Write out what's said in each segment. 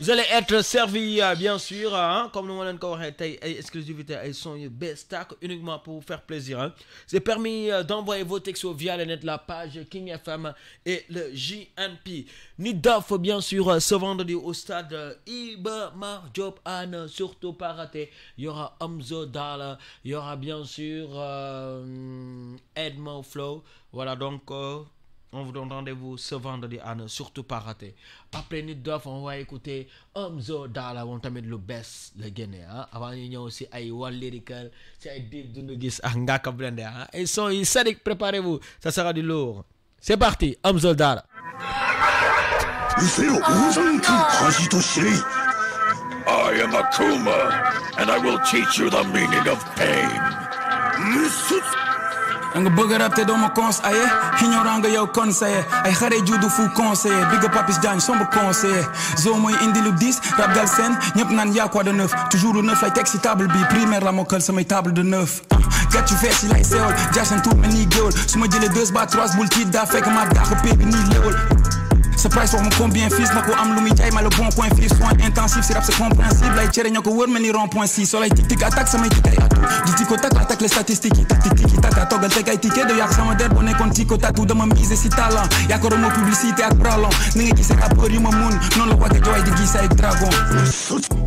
vous allez être servi euh, bien sûr euh, hein, comme nous l'avons encore été, exclusivité son best uniquement pour faire plaisir hein. c'est permis euh, d'envoyer vos textos via le net la page King FM et le JNP ni bien sûr ce vendredi au stade Iba Mar job surtout pas raté il y aura Amzo Dala il y aura bien sûr edmond Flow voilà donc on vous donne rendez-vous ce vendredi à ne surtout pas rater. Après nous deux on va écouter Omzo on t'a le best, le Hein? Avant, il y a aussi Lyrical, c'est Aïdib Dunugis, Angaka hein? Ils sont sadiques, préparez-vous, ça sera du lourd. C'est parti, Omzo danga bëgg a te doo ma conseillé ignorant yow conseillé ay xare juddu fu conseillé big up Papis Diagne sombre conseillé zo mooy indi lu 10 rap gal sen ñëpp naan ya quoi de neuf toujours lu neuf lay teg si table bi primaire la mokkal samay table de neuf gàccu fees yi lay sewol jaaseen tout mel nii géwol su ma deux ba trois bul tiit daa fekk maa dàq pee bi surprise wax mon combien fils na am lu muy bon point fils soin intensif c'est rap c'est compréhensible n'y ko word ni rond point si soleil tic tic attaque samay tic ay atu je attaque les statistiques yi tactique tiki taka toggal teg ay ticket de yàq sama der boo nekkoon tout de ma mise si talent mon publicité ak je suis un peu ma la de de dragon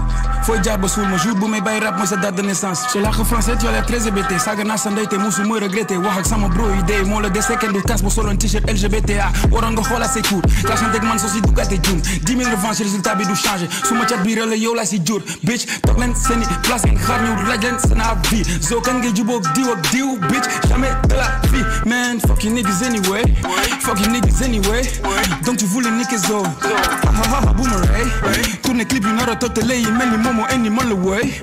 Faut jaar ba mon ma jour bu bay rap mooy sa date de naissance su làkk français tu as l'air très hébété Ça naa sa ndey te musu ma regretté wax ak sama bro yi dee le la dese kenn du tas bu soloon t-shirt LGBTA waroon nga xoolaat say cours tachanteeg man soo si duggaate juum dix mille revanche résultat bi du changé su ma cat bii rëla yow si jur bitch toog leen seeni place ngeen xaar ñëw laaj leen seen ab bi zoo kan diw bitch jamais de la vie man fuck you niggas anyway fuck you niggas anyway donc tu voulais niquer zo. hahaha bu ma rey tourne clip une nar a toog lay mel xawma indi man la wooy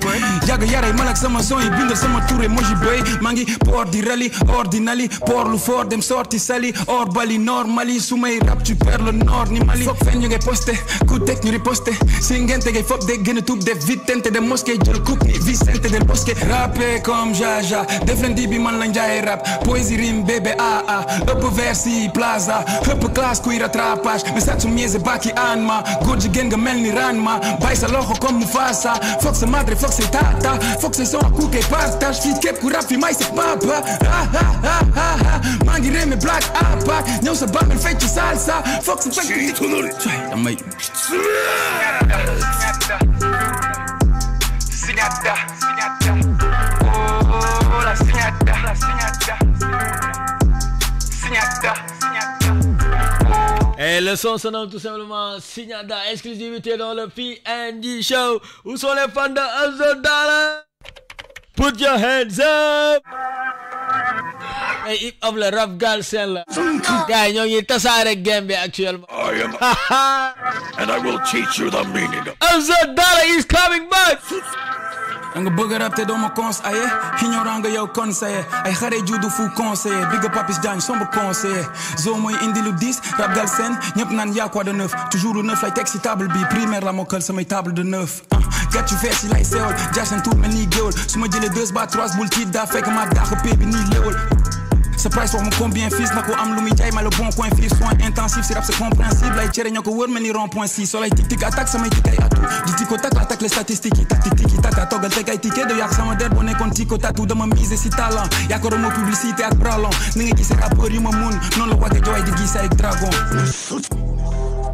yàgg yaray malak sama son yi bindal sama touré moo ji béy maa ngi port di rali or di nali port lu fort dem sorti sali or bali nord mali su may rap tu perds le nord ni mali foog fen ñu ngay posté ku teg ñu riposté si ngente ngay fop de gën a tuub def vite tente de mosquée jël coupe ni Vicente del Bosque rappé comme jaja def leen di bi man la njaay rap poésie rime bébé aa ëpp versi plaza ëpp classe kuy rattrapage mais sa tu miese baki aan ma góor jigéen nga mel ni raan ma bàyyi sa loxo comme mu faas ça Fox madre, Fox tata Fox son partage che parta cap' je suis mai c'est papa ah, ah, ah, ah, ah. me black apa Nyau sa bame fait, salsa Fox salsa. Cioè, Signata, signata Oh, la signata, le son sonore tout simplement Signada, exclusivité dans le P N G Show. Où sont les fans de Azor Put your hands up! ay hip hop la rap galsen la gars yi ñoo ngi tasaare game bi and I will teach you the meaning of Azor is coming back danga bëgg rap te doma ma conseillé ignorant nga yow conseiller ay xare juddu fu conseiller big papis Diagne sombre conseiller zo moy indi lu 10 rap gal sen, ñep nan ya quoi de neuf toujours lu neuf lay teg table bi primaire la mokkal sama table de neuf ah, gàccu fees yi lay sewol jaaseen tuut mel nii géwol su ma deux ba trois bul tiit daa ma dàq pee ni nii surprise wax mon combien fils nako am lu muy bon coin fils soin intensif c'est rap c'est compréhensible ay rond point un soleil tik tic attaque samay tik ay atou di tico attaque les statistiques tik tik de yak sama der kon tout de dama mise si talent peu plus publicité ak bralon ni nga Non la dragon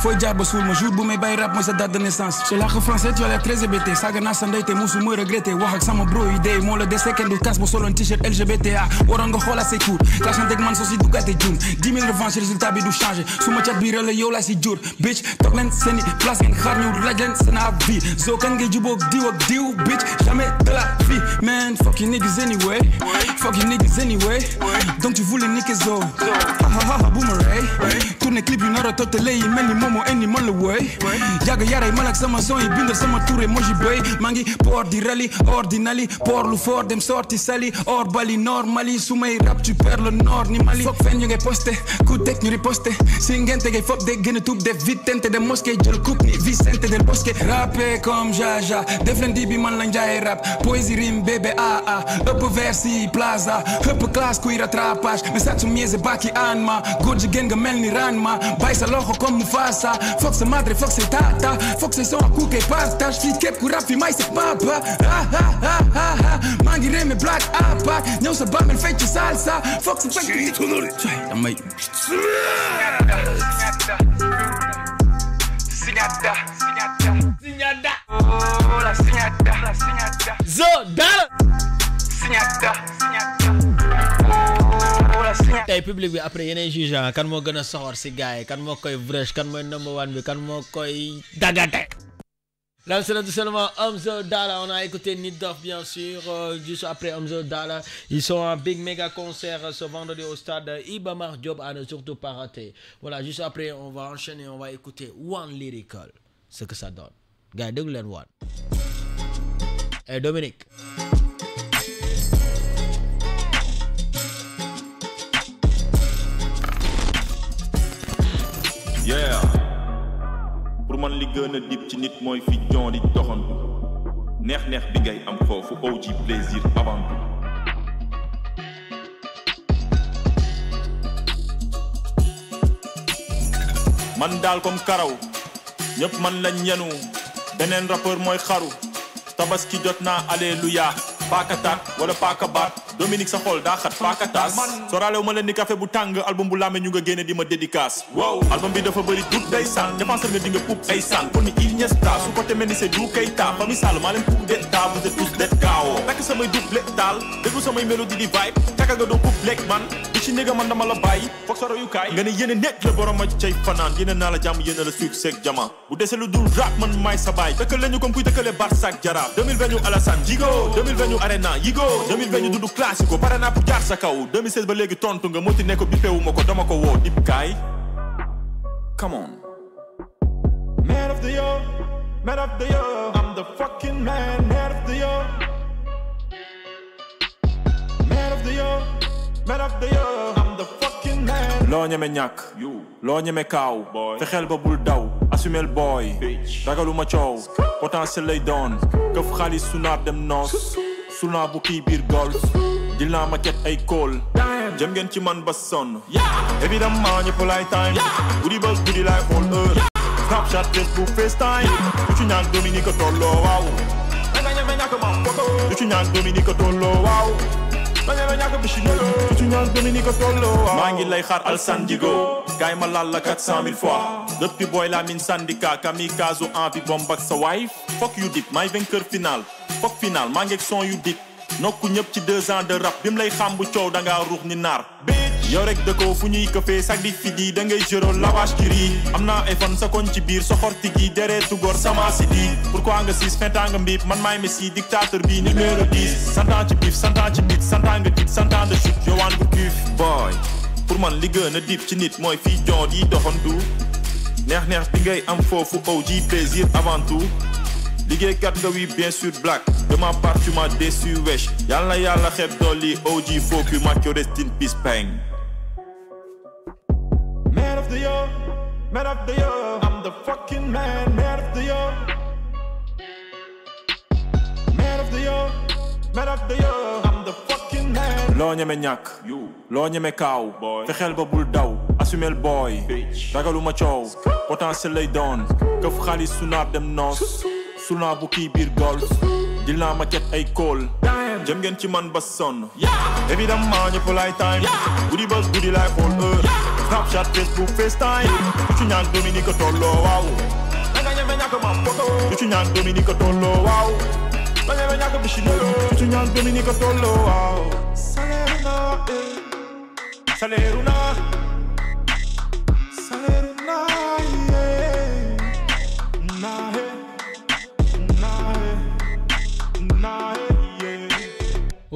Faut jaar ba mon ma jour bu bay rap mooy sa date de naissance su làkk français tu as très hébété saaga Ça sa ndey te musu ma regretté Wahak sama bro idée. dee le la dese kenn du kas bu soloon t-shirt LGBTA waroon nga xoolaat say cours tachanteeg man soo si duggaate 10 000 revanche résultat bidou du changé su ma cat bi rëla yow si jur bitch toog leen seeni place ngeen xaar ñu laaj leen seen avis kan ngay diw bitch jamais de la vie man fuck you niggas anyway fuck you niggas anyway donc tu voulais niquer zo. ha ha ha boomerang tourne clip une nar a toog lay mel momo eni man le way jaga yaray malak sama son yi bindal sama touré mo ji bay mangi port di rally or di nali port lu fort dem sorti sali or bali nord mali sumay rap tu perds le nord ni mali fok fen ñu ngay posté ku tek ñu riposté si ngente ngay fop de gëna tup de vitente de mosquée jël coupe ni vicente del bosque rappé comme jaja def len di bi man la njaay rap poésie rim bébé a a ëpp versi plaza ëpp classe kuy rattrapage mais ça tu mieux baki anma god jigen nga melni ranma bay sa loxo comme mufas massa Fox madre, fox tata Fox são a cuca e pata Fiquei por rap e mais se papa Ah, ah, ah, reme, black, apa Não se bama, ele feito salsa Fox e feito... Sim, tonori Tchai, amei Sinhada, sinhada Sinhada Oh, la sinhada, la sinhada Zodala Sinhada, sinhada tey public bi après yeneen jugeant ah, kan moo gën a soxor si gars yi kan moo koy vrèche kan mooy number one bi kan moo koy dagate. Là, c'est tout seulement Hamza Dala. On a écouté Nidof bien sûr, euh, juste après Hamza Dala. Ils sont en big méga concert ce vendredi au stade Ibamar Job à ne surtout pas rater. Voilà, juste après, on va enchaîner, on va écouter One Lyrical. Ce que ça donne. gars, vous One. Et Dominique. gën ci nit mooy fi jon di doxantu neex man daal comme karaw ñëpp man lañ yenu beneen rappeur mooy xaru tabaski jot na alléluya paaka taat wala paaka baat Dominique sa xol daa xat paakatas sooraale wu ma leen ni café bu album bu laame ñu nga génne di ma dédicace wow album bi dafa bëri dut day san dépenser nga di nga puub ay san pour ni il ñesta su côté mel ni c'est du kay ta fami sal maa leen det ta vous êtes tous det kaawoo takk samay double taal déglu samay mélodie di vibe Tak nga doo puub lekk man di ci néga man dama la bàyyi foog sa royukaay nga ne yéene nekk la borom ma cay fanaan yéene naa la jàmm yéene la jama bu dese lu dul rap man maay sa baay dëkkal lañu comme kuy dëkkale barsak jara 2020 alasan. alassane jigo 2020 arena Jigo 2020 dudu class classico 2016 ba tontu nga moti dama ko oh. dip come on man of the year man of the year I'm the fucking man man of the year man of the year man of the year I'm the fucking man loo ñeme ñàkk loo ñeme kaaw fexeel ba bul daw assumel booy ragaluma coow potentiel lay doon këf xaalis su naar dem noos suna bukki biir golf jël naa maket ay kool jëm ngeen ci man ba sonn évidemment ñëpp lay time guddi bës guddi lay xool heure snapchat facebook facetime ku ci ñaan Dominique tolloo waaw ku ci ñaan Dominique tolloo waaw ku ci ñaan Dominique tolloo waaw maa ngi lay xaar alsan jigo gaay ma laal la 400 000 fois depuis boy la min syndicat kamikaze envie bomb ak sa wife fuck you dip, mai vainqueur final foog final maa ngeeg son yu dik nokku ñëpp ci deux ans de rap bi mu lay xam bu coow da ruux ni naar yow dëkkoo fu ñuy këfee sac di fi di da ngay jëro lavage ki am naa ay fan sa ci biir soxorti gi deretu góor sama si di pourquoi nga siis fintan nga mbiib man maay messi dictateur bi numéro 10 santan ci biif santan ci bit santan nga tit santan yowaan bu cuif boy pour man li gën a dip ci nit mooy fii joon yi doxantu neex neex bi ngay am foofu aw ji plaisir avant 4 de 8, bien sûr black de ma part tu m'as déçu wesh Yalla yalla, xeeb faut OG ma Macho rest in peace bang man of the year man of the year I'm the fucking man man of the year man of the year man of the year I'm the fucking man loo mes ñàkk loo ñeme kaaw fexeel ba bul daw assumel booy le macho, potentiel lay doon donne xaalis su sunar dem Soussou sul naa bukki biir golf dil naa maket ay kool jëm ngeen ci man ba sonn évidemment ñëpp lay time guddi buzz, guddi lay all euh. snapchat facebook facetime ku ci ñaan Dominique tolloo waaw danga ñeme ñàkk ma photo ku ci ñaan Dominique tolloo waaw da ñeme ñàkk bi ci ku ci ñaan Dominique tolloo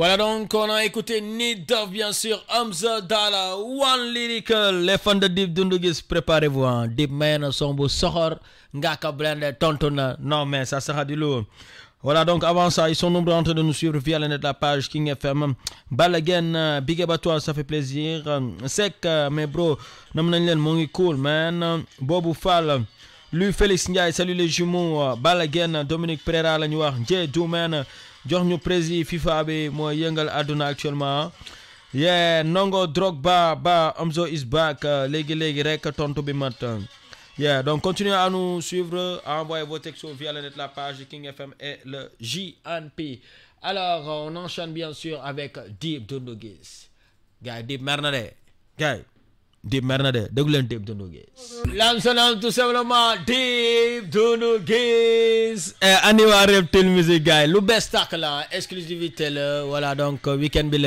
Voilà donc, on a écouté Nidov, bien sûr, Hamza Dala, One Lyrical, les fans de Deep Dundugis, préparez-vous, hein. Deep Man, Sombo, Sohor, Ngaka Blende, Tontona, non mais ça sera du lourd. Voilà donc, avant ça, ils sont nombreux en train de nous suivre via la de la page King FM, Balagen, euh, Big Abattoir, ça fait plaisir, euh, Sec, euh, mes bro, Namnanlen, Mongi Cool, man, Bobo Fall, Lui Félix Ndiaye, salut les jumeaux, Balagen, Dominique Pereira, la Noire, Jay Douman, jox ñu prési FIFA bi mooy yëngal àdduna actuellement yee Nongo Drogba ba Amzo is back léegi-léegi rek tontu bi mat yeah donc continuez à nous suivre à envoyer vos textos via le net la page King FM et le JNP alors on enchaîne bien sûr avec Deep Doundou gars Deep, Dip mer na de gars Deep Mernade, de Deep Doundou Guiss tout simplement Deep Doundou Et eh, andi waa Reptile Music guy, le best là, exclusivité là. voilà donc euh, week-end bi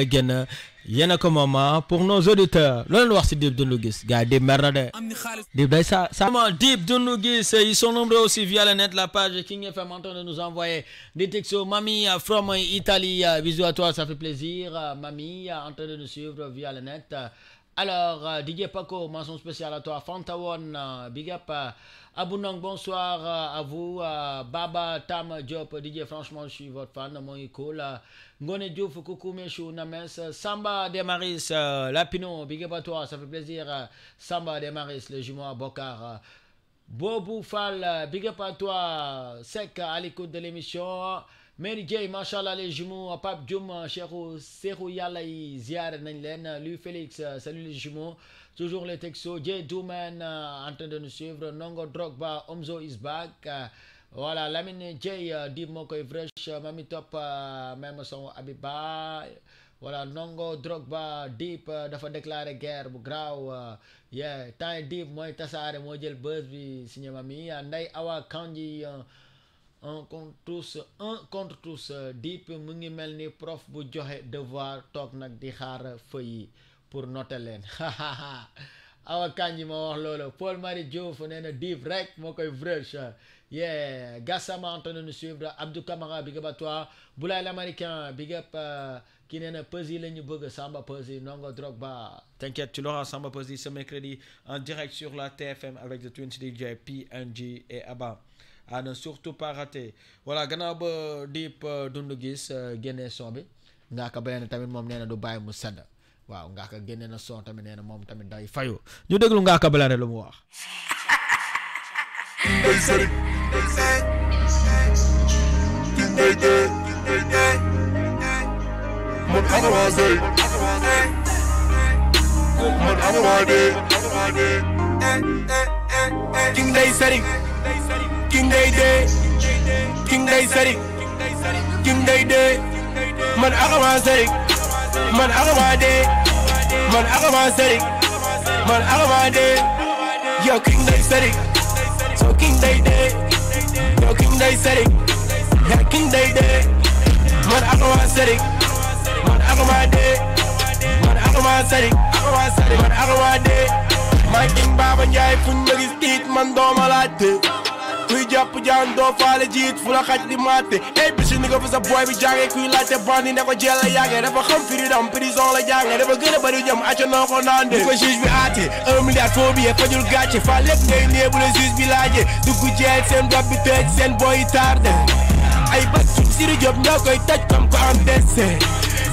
Il y a ko moi ah, pour nos auditeurs loolu voir si Deep Doundou gars Deep Mernade Deep day ça. Deep Doundou ils sont nombreux aussi via la net la page King FM en train de nous envoyer des textos Mami euh, from Italy, euh, bisous à toi ça fait plaisir Mami en train de nous suivre via la net alors, euh, Didier Paco, mention spéciale à toi. Fantawan, euh, big up. Euh, Abunang, bonsoir à vous. Baba Tam Diop, Didier, franchement, je suis votre fan. Mon cool. Ngone Diouf, coucou, chou, Names. Samba Demaris, Lapino, big up à toi. Ça fait plaisir. Samba Demaris, le jumeau à Bokar. Boboufal, big up à toi. Sec à l'écoute de l'émission. Mary Gay Masha'Allah les jumeaux Pape Djoum, Cherou, Serou Yalaï, ziar Nenlen, Félix euh, salut les jumeaux toujours les textos Jay Doumen euh, en train de nous suivre Nongo Drogba Omzo is euh, voilà Lamine Jay di Mami même son Abiba voilà Nongo Drogba Deep dafa déclaré guerre grau, yeah Time Deep moi Tassare, buzz bi signé Mami andai Awa un contre tous un contre tous Deep, mu ngi ni prof bu joxe devoir toog nag di xaar feuille pour noter leen Awa kanji ma wax Paul Marie Diouf nee na DIP rek moo yeah Gassama en train nous suivre Abdou Kamara, big up à toi Boulaye l'américain big up euh, ki nee na samba la ñu bëgg Samba Peuzzi Nongo Drogba t'inquiète tu l'auras Samba pesi ce mercredi en direct sur la TFM avec The Twins DJ PNG et Abba à surtout pas rater gannaaw ba Dip euh, Doundou Guiss euh, génnee son bi ngaa ko beneen tamit moom nee du bàyyi mu sedd waaw ngaa ko génnee na son tamit nee moom tamit day fayu ñu déglu ngaa ko balane lu mu wax man day sëriñ. King Day Day, King Day Sadiq, King Day Day, man agama Sadiq, man agama Day, man agama Sadiq, man agama Day, yo King Day Sadiq, so King Day Day, yo King Day Sadiq, yeah King Day Day, man agama Sadiq, man agama Day, man agama Sadiq, man agama Day, my King Baba Jai Funjagis Teeth, man Domalatte. kuy jàpp jaan doo faale jiit fu la xaj di maate ey bisi ni nga sa booy bi jàngee kuy laajte bandi ne ko jeel la yàggee dafa xam firidam prison la jàngee dafa gën a bëri jëm acca noo ko naan de dugg jeel seen bopp bi tëj seen booy yi tardé ay bat suñ siri ñoo koy taj comme ko am dese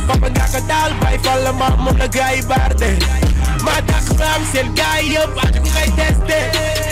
papa nga ko daal bay fal la ma moom la baar de maa dàq raam seen gars yëpp aca ko koy testé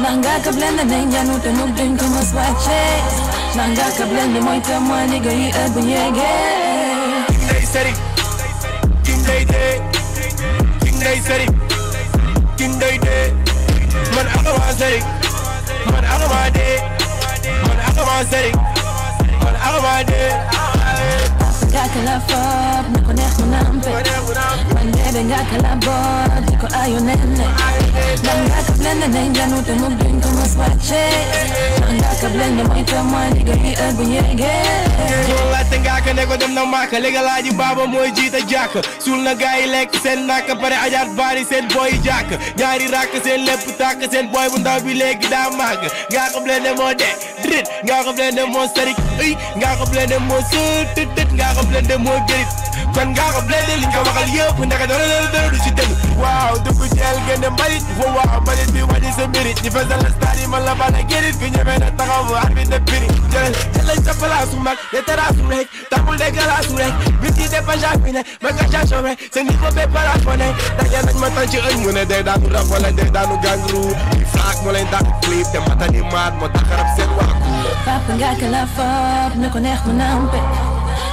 Nangakablenda nenja nuta nukdun kuma swache Nangakablenda moita mwani gari abunyege Day seri King day day King day seri King day day Man akawa seri Man akawa day Man akawa seri Man akawa day Gak kalah fob, nak konek menampe Mandebe gak kalah bod, diko ayo nenek Mangaka blend and ain't no te nuk din kama swache Mangaka blend and ain't nego dem na maka Lega la baba moy jita jaka Sul na Pare ajar bari sen boy jaka Nyari raka sen lep boy bunda bi legi da maka Ngaka mo de drit Ngaka blend and mo starik mo sul tit tit mo kan nga ko blende li nga waxal yëpp ndaka dara dara dara du ci dëgg waaw dugg jeel gën a mbalit fo waaw mbalit bi wàññi sa mbirit ñi fesal la stade yi man la bala gérit fi ñeme na taxaw arbitre biri jëlal jëlal sa place mag de terrasse rek tamul de glace rek bis yi de paja fi ne ma nga cacho rek sa niveau be parafoné daje nañ ma tan ci ëñ mu ne day daanu rab wala day daanu gangru i flaak moo leen dàq clip te matali maat moo tax rab seen waa Papa nga ka la fab na ko neex mu nampe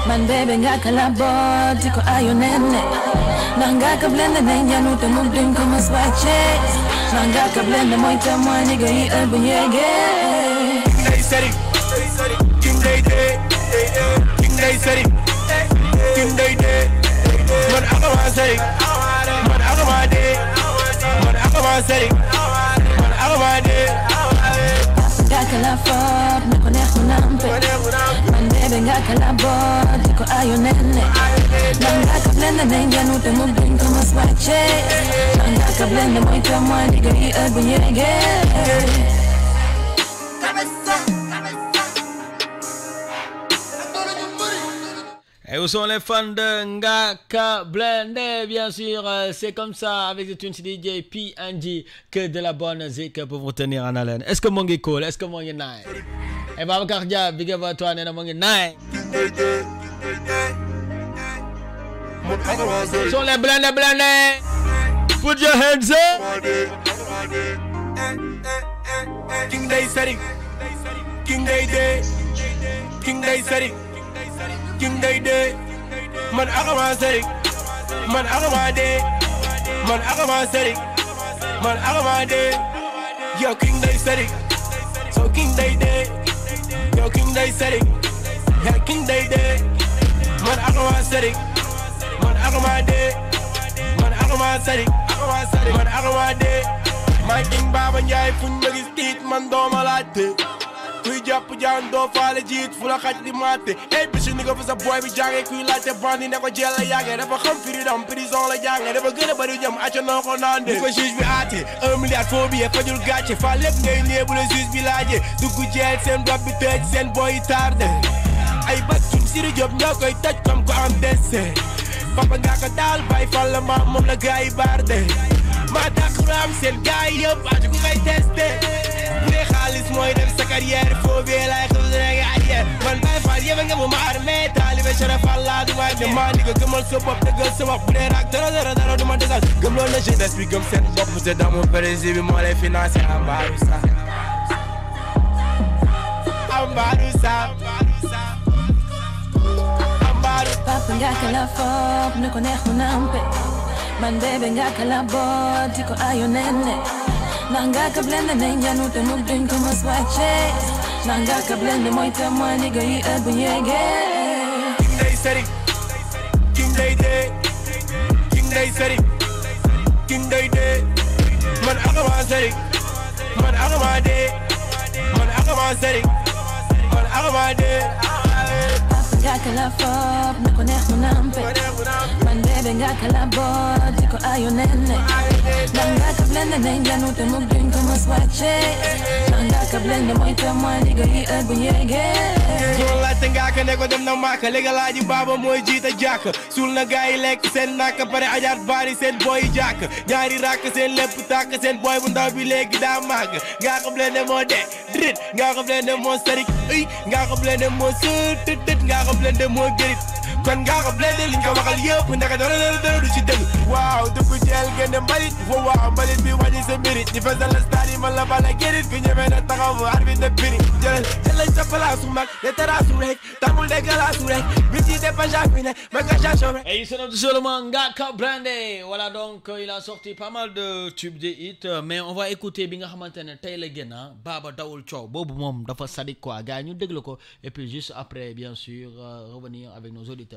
mandebe ngakhalabo ndikho ayo nene nangakabule ndandenyani utamuntu nkomaswache nangakabule ndamoitamwa nigga yi albunyege Hey, Seri, King Day Day, King Day Seri, King Day Man, I'm a man Seri, Man, I'm a man Day, Man, I'm a man Seri, eh. Man, I'm a man Day. Dakala eh. Ford, Nakone Hunampe, Et eh, où sont les fans de Ngaka Blende Bien sûr, euh, c'est comme ça avec des tunes DJ PNG que de la bonne zik pour vous tenir en haleine. Est-ce que mon est cool Est-ce que mon est nice Hey, eh, Babacar Dia bi nga ba toi nee na mu ngi naay. sont les blindés blindés. put your hands up. King Day Sari. King Day Day. King Day Sari. King Day Day. Man aka ma Man aka Day. Man aka ma Man aka Day. Yo King Day Sari. So King Day Day king day setting. Yeah, king day day. Man, I go Man, I go day. Man, I go Man, I go my day. My king baba, yeah, if you know man, don't my kuy jàpp jaan doo faale jiit fu la xaj li maate ey bisu ni ko fi sa boy bi jàngee kuy laajte bandi ne ko jeel la yàggee dafa xam freedom prison la jàngee dafa gën a bëri jëm acca noo ko naan de ko juge bi aate un milliard foo bi yee fajul gàcce fa lépp ngay néew bu la juge bi laajee dugg jeel seen bopp bi tëj seen boy yi tardé ay bak suñ siri job ñoo koy toj comme ko am dese papa nga ko daal bàyyi fan la maam moom la gars yi baar de maa dàq raam seen gars yi yëpp aca ne xaalis mooy dem sa carrière foo bee laay xam dana nga arrière man Baye Fall yéeme nga bu ma armé taalibe Cherif Fall laa du waay ne maa ni ko gëmal sa bopp dëggal sa wax bu dee raak dara dara dara du ma dëggal gëm loolu la jeunesse bi gëm seen bopp te damu prési bi moo lay financé ambaaru sa ambaaru sa ambaaru papa nga ka la foop ne ko neexu nampe man bébé nga ka la boot di ko ayo nenne Nanga ka kablende nenga nu te nuk dyn koma swache Nanga ka blende kablende mojta mua nigga i e bunjege King Day Seri King Day Day King Day Seri King Day Day Man aga ma City Man aga ma Day Man aga ma City Man aga ma Day nga kala fop na ko neex mu nampe man bébé nga kala boot di ko ayo nene ndax nga ka blende ne njanu te mug duñ ko mos wàcce ndax nga ka blende mooy te mooy ndiga yi ër bu yéege suul laajte nga ka ne ko dem na maaka léegi laaji baaba mooy jiita jàkk suul na gaay lekk seen nakk pare ajaat baari seen booy jàkk ñaari rakk seen lépp tàkk seen booy bu ndaw bi léegi daa màgg nga ka blende moo de drit nga ka blende moo sarik nga ka blende moo sëtëtët nga ka complain, the more get it. kon ngaa ko blende liñ ko waxal yépp ndaka dara dara dara du ci dëgg waaw dugg ci el génne mbalit foo waaw mbalit bi wàññi sa mérite ni fesal la stade yi man la bala gérit ku ñemee na taxaw arbi de piri jëlal jëlal sa place su mag de terrasse rek tamul de glace rek bi ci dépêchage bi jafiné ma ka cachation rek et il se nomme seulement Ngaka Blindé voilà donc il a sorti pas mal de tubes de hit mais on va écouter bi nga xamante ne tey la génn Baba Dawul Coow boobu moom dafa sadik quoi gars ñu déglu ko et puis juste après bien sûr revenir avec nos auditeurs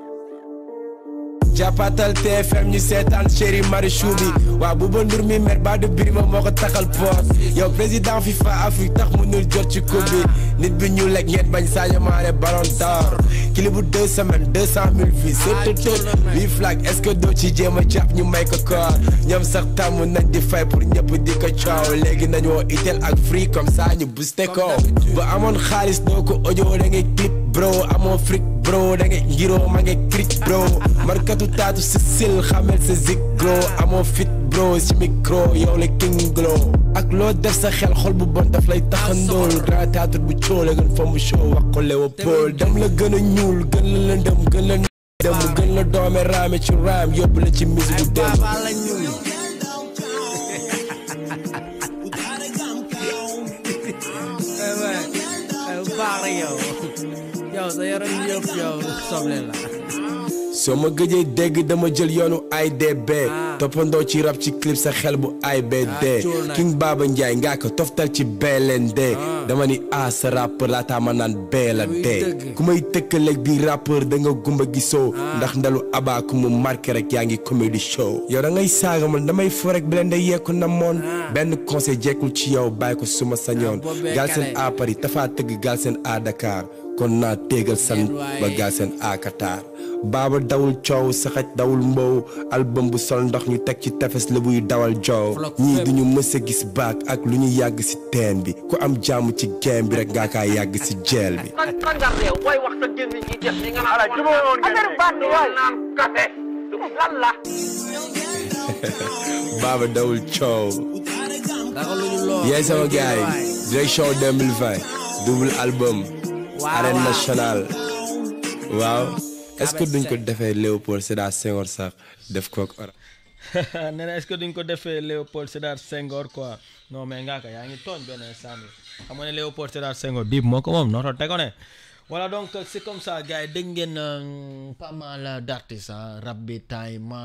jàppatal TFM ñu seetaan chéri Marichou bi waa buba ndur mi mer ba du birima moo ko taxal yow président FIFA Afrique tax mënul jot ci coupe bi nit bi ñu lekk ngeen bañ Sadio Mané Ballon d'Or kili bu semaines deux cent mille vues sëtëtët bii flag est-ce que doo ci jéem a jàpp ñu may ko koor ñoom sax tàmm nañ di fay pour ñëpp di ko coow léegi nañu woo itel ak free comme ça ñu booste ko ba amoon xaalis doo ko audio da ngay clip bro amoo fric bro da ngay ngiroo ma ngay cric bro markatu taatu si xamel sa zig bro amoo fit bro si micro yow la king glow ak loo def sa xel xol bu bon daf lay taxandool grand théâtre bu coole gën fa show wax ko Léopold dem la gën a ñuul gën la lëndëm gën la la doome raame ci raam yóbbu la ci musique bu dem Barrio. yow soo ma gëjee dégg dama jël yoonu IDB ah. toppandoo ci rab ci clip sa xel bu IBD ah, King Baba Ndiaye ngaa ko toftal ci BLND ah. dama ni a sa rappeur laataa ma naan bee la dee ku may tëkkaleeg bi rappeur danga nga gumba gisoo ndax ndalu abaa ku mu marqué rek yaa ngi comedy show yow da ngay saaga foo damay fo rek BLND yeeku na moon benn conseil jekkul ci yow bàyyi ko suma sañoon Galsen à Paris Tafa tëgg Galsen à Dakar kon naa téegal san ba gaa seen aakataar baaba dawul coow saxaj dawul mbow album bu sol ndox ñu teg ci tefes la buy dawal joow ñii duñu mës gis baak ak lu ñu yàgg si teen bi ku am jàmm ci game bi rek ngaa kaa yàgg ci jeel bi baaba dawul coow yaay sama gaay direction 2020 double album arène nationale waaw est-ce duñ ko defee Léopold Sédar Senghor sax def ko ak Orange nee na est-ce duñ ko defee Léopold Sédar Senghor quoi non mais ngaa ko yaa ngi tooñ benn sànni xam nga ne Léopold Sédar Senghor biib moo ko moom nootoo tego voilà donc c' est comme ça gars yi dégg ngeen euh, pas mal d' artistes rap bi ma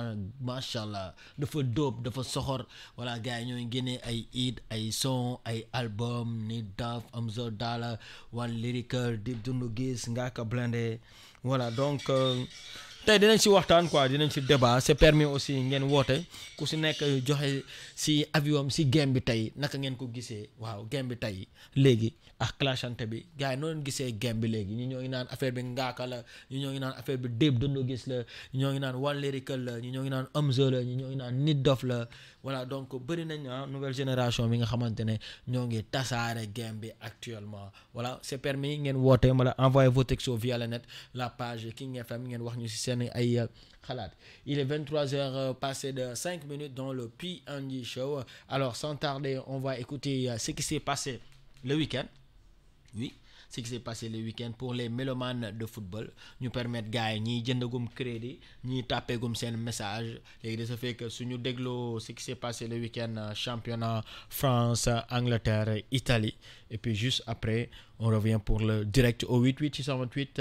macha allah dafa dóob dafa soxor voilà gars yi ñooy génnee ay hit ay son ay album ni daf Amzo Dollar One Lyrical Dip Doundou Guiss Ngaaka Blindé voilà donc. Euh, tey dinañ si waxtaan quoi dinañ si débat c'est permis aussi ngeen woote ku si nekk joxe si avion si game bi tey naka ngeen ko gisee waaw game bi tey léegi ak clashante bi gars yi noonu gisee game bi léegi ñu ñoo ngi naan affaire bi ngaaka la ñu ñoo ngi naan affaire bi déeb dundoo gis la ñu ñoo ngi naan One Lyrical la ñu ñoo ngi naan Omzo la ñu ñoo ngi naan Nit Dof la voilà donc bëri nañ ah nouvelle génération bi nga xamante ne ñoo ngi tasaare game bi actuellement voilà c'est permis ngeen woote mala envoyé vos textos via la net la page King FM ngeen wax ñu si seen euh, il est 23 h passé de 5 minutes dans le P1G Show alors sans tarder on va écouter euh, ce qui s'est passé le week-end oui ce qui s'est passé le week-end pour les mélomanes de football Nous permettre gars yi ni jëndagum crédit comme c'est un message de fait que ce qui s'est passé le week-end euh, championnat France Angleterre Italie et puis juste après on revient pour le direct au 88 628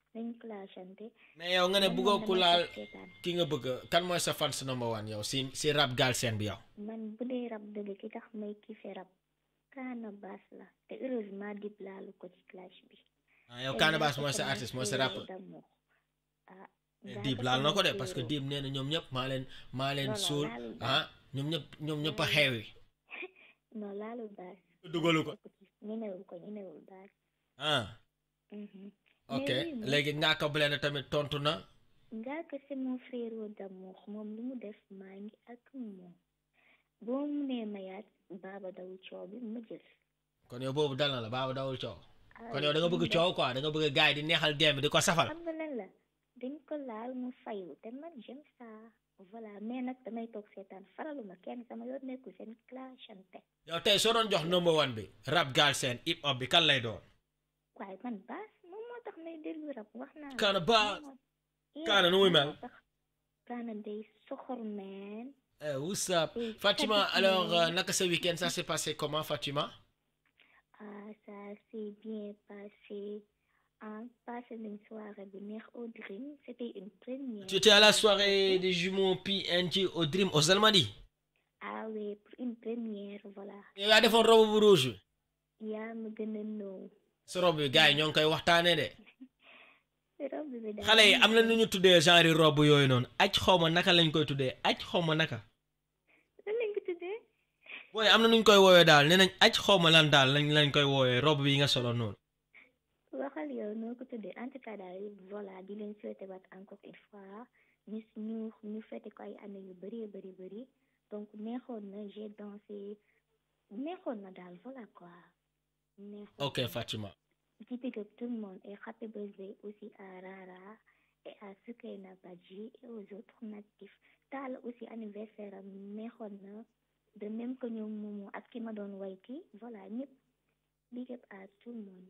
nañ clashante mais nga ne bëggoo laal ki nga bëgg kan mooy sa fans number one yow si si rap Galsen bi yow. man bu dee rap dëgg ki tax may kife rap Kaana Baas la te heureusement dib laalu ko ci clash bi. ah yow Kaana mooy sa artiste mooy sa rappeur. Ah, eh, diib laal na ko de parce que diib nee na ñoom ñëpp maa leen maa leen suul ah ñoom ñëpp ñoom ñëpp a xeewi. non laalu baas. dugalu ko. ñemewul ko ñemewul baas. ah. Mhm. ok léegi Ngaaka Blindé tamit tontu na. Ngaaka c'est mon frère d'amour moom lu mu def maa ngi ak moom boo mu nee mayaat baaba dawul coow bi ma jël. kon yow boobu dal na la baaba dawul coow. Ah, kon yow da bëgg coow ko da nga bëgg gaay di neexal game di ko safal. xam nga lan la dañ ko laal nag damay toog seetaan faraluma kenn sama yoon nekkul seen clashante. yow jox number bi rap Galsen hip hop bi kan lay doon. waaye man baas. tax may déglu rab wax naa kaana baax kaana nu muy mel kaana Fatima alors naka euh, ce week-end ça s'est passé comment Fatima ah, ça s'est bien passé on passe une soirée de au Dream c'était une première tu étais à la soirée des jumeaux PNG au Dream aux Almadies ah oui pour une première voilà Il a des robe bu rouge yaa ma gën a robe bi gars yi ñoo ngi koy waxtaanee de. xale yi am na nu ñu tuddee genre robe yooyu noonu aj xaw ma naka lañ koy tuddee aj xaw ma naka. lan lañ ko tuddee. booy am na nu ñu koy woowee daal nee nañ aj xaw ma lan daal lañ lañ koy woowee robe bi nga solo noonu. waxal yow noo ko tuddee en tout cas daal voilà di leen souhaité waat encore une fois ñu ñu ñu fête ko ay année yu bëree bëri bëri donc neexoon na j'ai dansé neexoon na daal voilà quoi. ok Fatima. Dites que tout le monde est Birthday aussi à Rara et à Sukaina Badji et aux autres natifs. Tal aussi anniversaire à Mehona, de même que nous, Moumou, à Kimadon Waiki. Voilà, big up à tout le monde.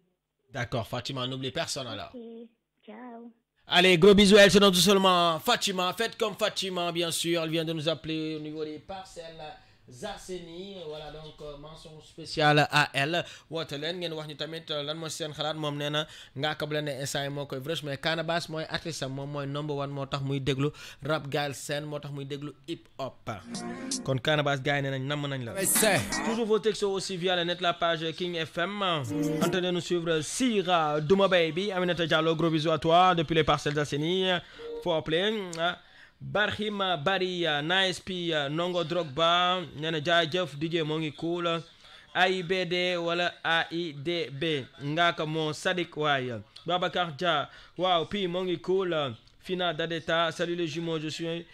D'accord, Fatima, n'oublie personne alors. Ok, ciao. Allez, gros bisous, elle se donne tout seulement Fatima. Faites comme Fatima, bien sûr. Elle vient de nous appeler au niveau des parcelles. Zasseni voilà donc euh, mention spéciale à elle Waterland, nous avons tamit euh, lan na blen de mais moy artiste number one motax muy rap galsen sen motax muy déglu hip hop kon Canabas gay néna nam nañ la toujours vos aussi via le la page King FM entendez nous suivre Sira Duma Baby Aminata Diallo gros bisous à toi depuis les parcelles faut appeler hein. Barhima Barry, Nice P Nongo Drogba nee na jaajëf DJ moo ngi cool AIBD wala AIDB ngaka moo Sadik waay Babacar Dia wow, P moo ngi cool Fina Dadeta salut les jumeaux je suis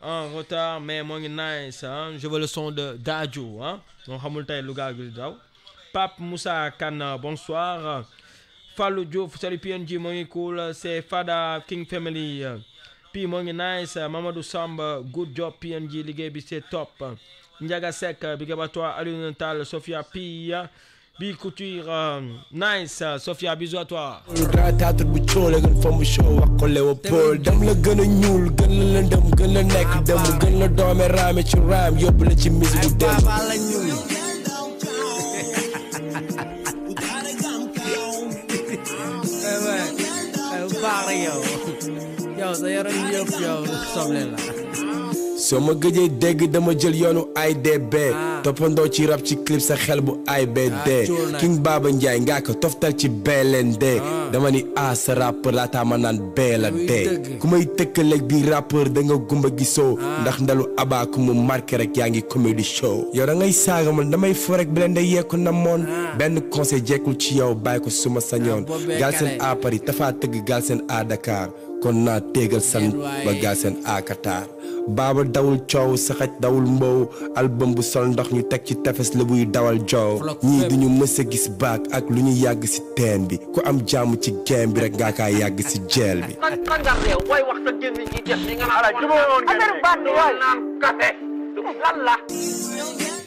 en retard mais moo ngi nice hein. je veux le son de Dajou, hein moo xamul tay lu gaa Pape Moussa Kane bonsoir Fallou Diouf salut PNG moo ngi cool c'est Fada King Family P moo ngi nice Mamadou Samba good job PNG liggéey bi c'est top Ndiaga Seck big up à toi Alioune Tall Sophia P bi couture euh, nice Sophia bisous à toi dara théâtre bu coow la gën fomm show wax ko Léopold dem la gën a ñuul gën la lëndëm gën la nekk dem gën la doome raame ci raam yóbbu la ci mise bu dem Mario. yow soo ma gëjee dégg dama jël yoonu IDB ah. toppandoo ci rab ci clip sa xel bu IBD ah, King Baba Ndiaye ngaa ko toftal ci BLND ah. dama ni a sa rappeur laataa ma naan bee la dee ku may tëkkaleeg bi rappeur danga nga gumba gisoo ndax ndalu abaaku ku mu marqué rek yaa ngi comedy show yow da ngay saaga man damay fo rek BLND yeeku na moon benn conseil jekkul ci yow bàyyi ko suma sañoon Galsen à Paris tafaa tëgg Galsen à Dakar kon na téegal san ba gaa seen aakataar baaba dawul coow saxaj dawul mbow album bu sol ndox ñu teg ci tefes la buy dawal joow ñii duñu mës a gis baag ak lu ñu yàgg si teen bi ku am jàmm ci géem bi rek ngaa kaa yàgg ci jeel bi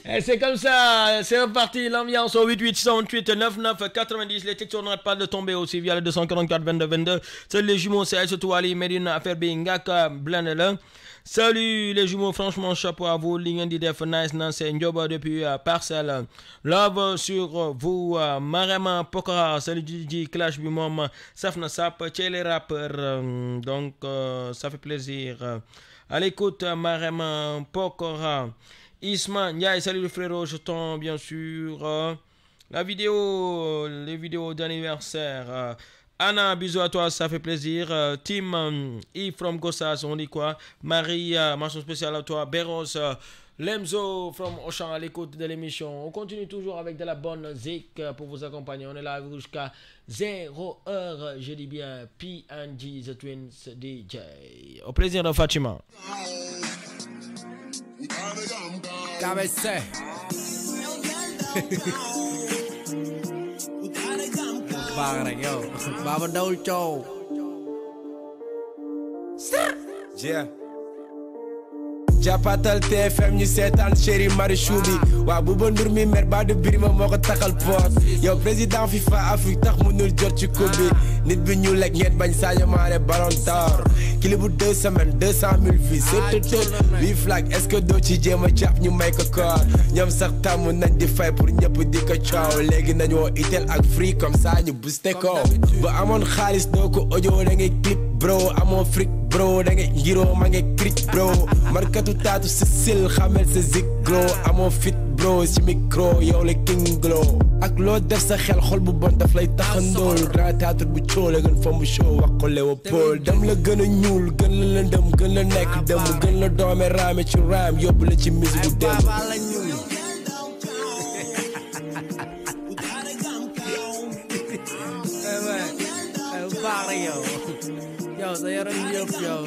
Et eh, C'est comme ça, c'est reparti, l'ambiance au 88 128 99 90, les textes n'arrêtent pas de tomber aussi via le 244 22 22, salut les jumeaux, c'est surtout Ali, Medina, Ferbi, Ngaka, Blanel, salut les jumeaux, franchement, chapeau à vous, Lingendi Def, Nice, Nancy, Njoba depuis euh, Parcel, Love sur vous, euh, Marema, Pokora, salut Didi, Clash, Bimom, Safna Sap, chez les rappeurs, donc euh, ça fait plaisir. À l'écoute, Marema, Pokora. Isman salut le frérot, je t'en bien sûr. Euh, la vidéo, euh, les vidéos d'anniversaire. Euh, Anna, bisous à toi, ça fait plaisir. Tim, Yves from Gossas, on dit quoi Marie, mention spéciale à toi. Beros, Lemzo from Auchan à l'écoute de l'émission. On continue toujours avec de la bonne zik pour vous accompagner. On est là jusqu'à 0 h je dis bien PNG The Twins DJ. Au plaisir de Fatima. Cabecé. Vàng này nhau. Bà bắt đầu châu. Yeah. jàppatal TFM ñu seetaan chéri Marichou bi waaw bu ba ndur mi mer Birima moo ko taxal poos yow président FIFA Afrique tax mënul jot ci coupe bi nit bi ñu lekk ngeen bañ Sadio Mané Ballon d'Or kili bu deux semaines deux cent mille vues sëtëtët flag est-ce que doo ci jéem a jàpp ñu may ko koor ñoom sax tàmm nañ di fay pour ñëpp di ko léegi nañu woo itel ak free comme ça ñu buste ko ba amoon xaalis doo ko audio da ngay bro amoo fric bro da nga ngiroo ma nga cric bro markatu taatu si sil sa zig glow amoo fit bro si micro yow la king glow ak loo def sa xel xol bu bon daf lay taxandool grand théâtre bu coole gën fa mu show wax ko Léopold dem la gën a ñuul gën la lëndëm gën la nekk dem gën la doome raame ci raam yóbbu la ci mis bu yow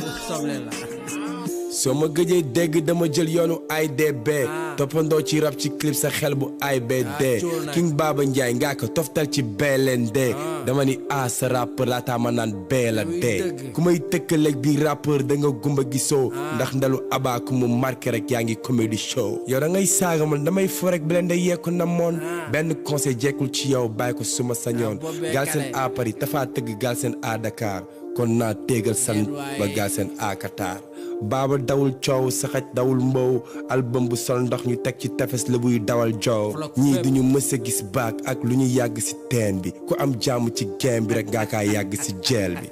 soo ma gëjee dégg dama jël yoonu IDB ah. toppandoo ci rap ci clip sa xel bu IBD ah, King baaba Ndiaye ngaa ko toftal ci BLND ah. dama ni a sa rappeur laataa ma naan bee la dee ku may tëkkaleeg bi rappeur danga gumba gisoo ndax ndalu abaa mu marqué rek yaa ngi comedy show yow da ngay saagamal damay fo rek BLND yeeku na moon benn conseil jekkul ci yow bàyyi ko suma sañoon Galsen à Paris tafaa tëgg Galsen à Dakar kon naa téegal san ba gaa seen aakataar baaba dawul coow saxaj dawul mbow album bu sol ndox ñu teg ci tefes la buy dawal joow ñii duñu mës a gis baak ak lu ñuy yàgg si teen bi ku am jaamu ci game bi rek ngaa kaa yàgg ci jeel bi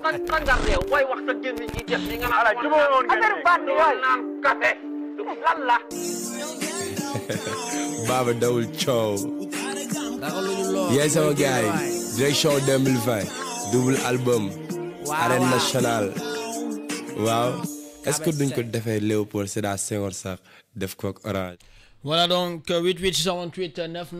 baaba dawul coow yeey sama gaay direction 2020 double album arène nationale waaw est-ce que duñ ko defee Léopold Sédar Senghor sax def kook ak Voilà donc 88 99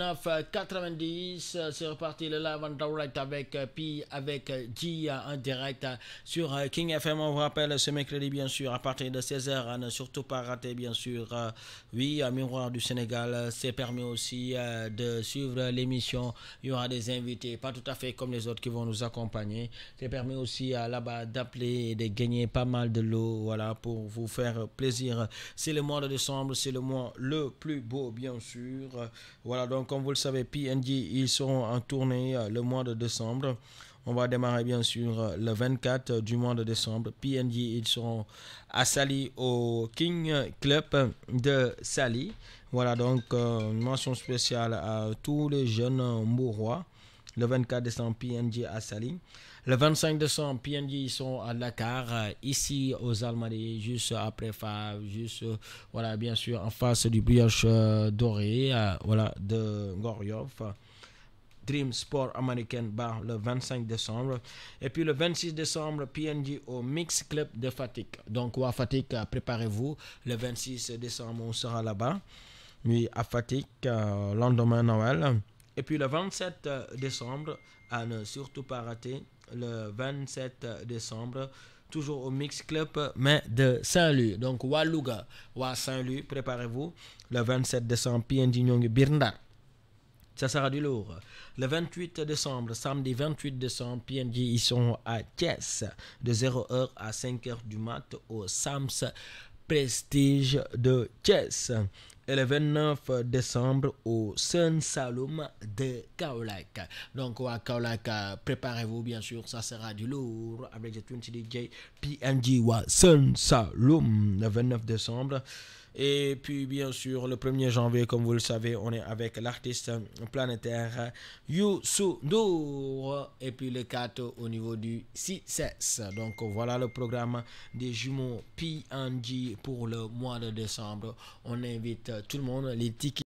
90 c'est reparti le live en direct avec euh, Pi avec G euh, euh, en direct sur King FM on vous rappelle ce mercredi bien sûr à partir de 16h hein, ne surtout pas rater bien sûr oui Miroir du Sénégal c'est permis aussi de suivre l'émission il y aura des invités pas tout à fait comme les autres qui vont nous accompagner c'est permis aussi là-bas d'appeler et de gagner pas mal de l'eau voilà pour vous faire plaisir c'est le mois de décembre c'est le mois le plus beau, bien sûr. Voilà, donc comme vous le savez, PNG, ils seront en tournée euh, le mois de décembre. On va démarrer bien sûr euh, le 24 euh, du mois de décembre. PNG, ils seront à Sali au King Club de Sali. Voilà donc une mention spéciale à tous les jeunes Mourois. Le 24 décembre, PNG à Sali. Le 25 décembre, PNJ, ils sont à Dakar, euh, ici aux Almadies, juste après FAV, juste, euh, voilà, bien sûr, en face du brioche euh, doré, voilà, de Goryov. Dream Sport American Bar le 25 décembre. Et puis le 26 décembre, PNJ au Mix Club de Fatik. Donc, à Fatik, préparez-vous. Le 26 décembre, on sera là-bas. Oui, à Fatik, lendemain Noël. Et puis le 27 décembre, à ne surtout pas rater, le 27 décembre toujours au Mix Club, mais de Saint-Louis. Donc, Waluga, wa Saint-Louis, préparez-vous. Le 27 décembre, PNG Nyong Birnda. Ça sera du lourd. Le 28 décembre, samedi 28 décembre, PNJ, ils sont à Thiès, de 0h à 5h du mat au SAMS Prestige de Thiès et le 29 décembre au Sun saloum de Kaolak. Donc à Kaolak, préparez-vous bien sûr, ça sera du lourd avec les 20 DJ PNG wa Sun saloum le 29 décembre. Et puis, bien sûr, le 1er janvier, comme vous le savez, on est avec l'artiste planétaire Youssou Et puis, le 4 au niveau du 6 Donc, voilà le programme des jumeaux PNG pour le mois de décembre. On invite tout le monde. Les tickets